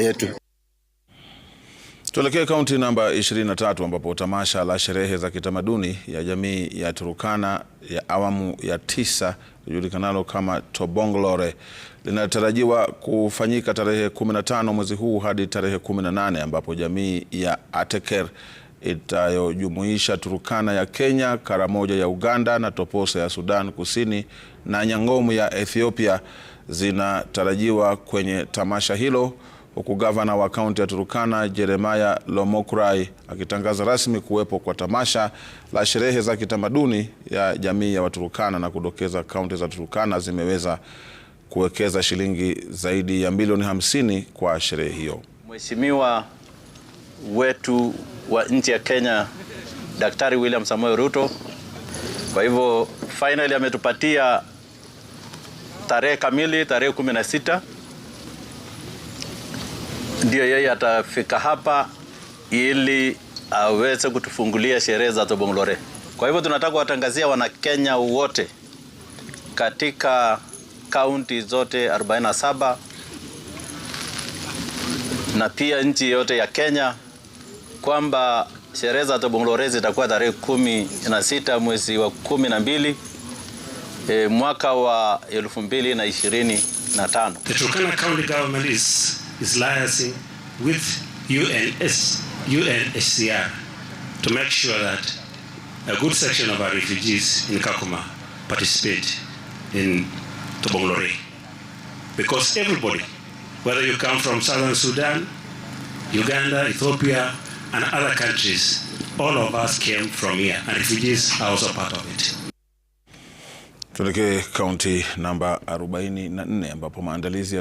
yetu. Tuelekee kaunti namba 23 ambapo tamasha la sherehe za kitamaduni ya jamii ya Turukana ya awamu ya tisa lijulikanalo kama Tobonglore linatarajiwa kufanyika tarehe 15 mwezi huu hadi tarehe 18 ambapo jamii ya Ateker itayojumuisha Turukana ya Kenya, Karamoja ya Uganda na Toposa ya Sudan Kusini na Nyangomu ya Ethiopia zinatarajiwa kwenye tamasha hilo huku gavana wa kaunti ya Turukana Jeremiah Lomokrai akitangaza rasmi kuwepo kwa tamasha la sherehe za kitamaduni ya jamii ya Waturukana na kudokeza kaunti za Turukana zimeweza kuwekeza shilingi zaidi ya milioni hamsini kwa sherehe hiyo. Mheshimiwa wetu wa nchi ya Kenya Daktari William Samuel Ruto, kwa hivyo finally ametupatia tarehe kamili, tarehe 16 ndio yeye atafika hapa ili aweze kutufungulia sherehe za Tobong'lore. Kwa hivyo tunataka kuwatangazia Wanakenya wote katika kaunti zote 47 na pia nchi yote ya Kenya kwamba sherehe za Tobong'lore zitakuwa tarehe kumi na sita mwezi wa kumi na mbili e, mwaka wa elfu mbili na ishirini na tano is liaising with UNS, UNHCR to make sure that a good section of our refugees in Kakuma participate in Tobong'lore. Because everybody, whether you come from Southern Sudan, Uganda, Ethiopia, and other countries, all of us came from here, and refugees are also part of it. Tuelekee kaunti namba 44 ambapo maandalizi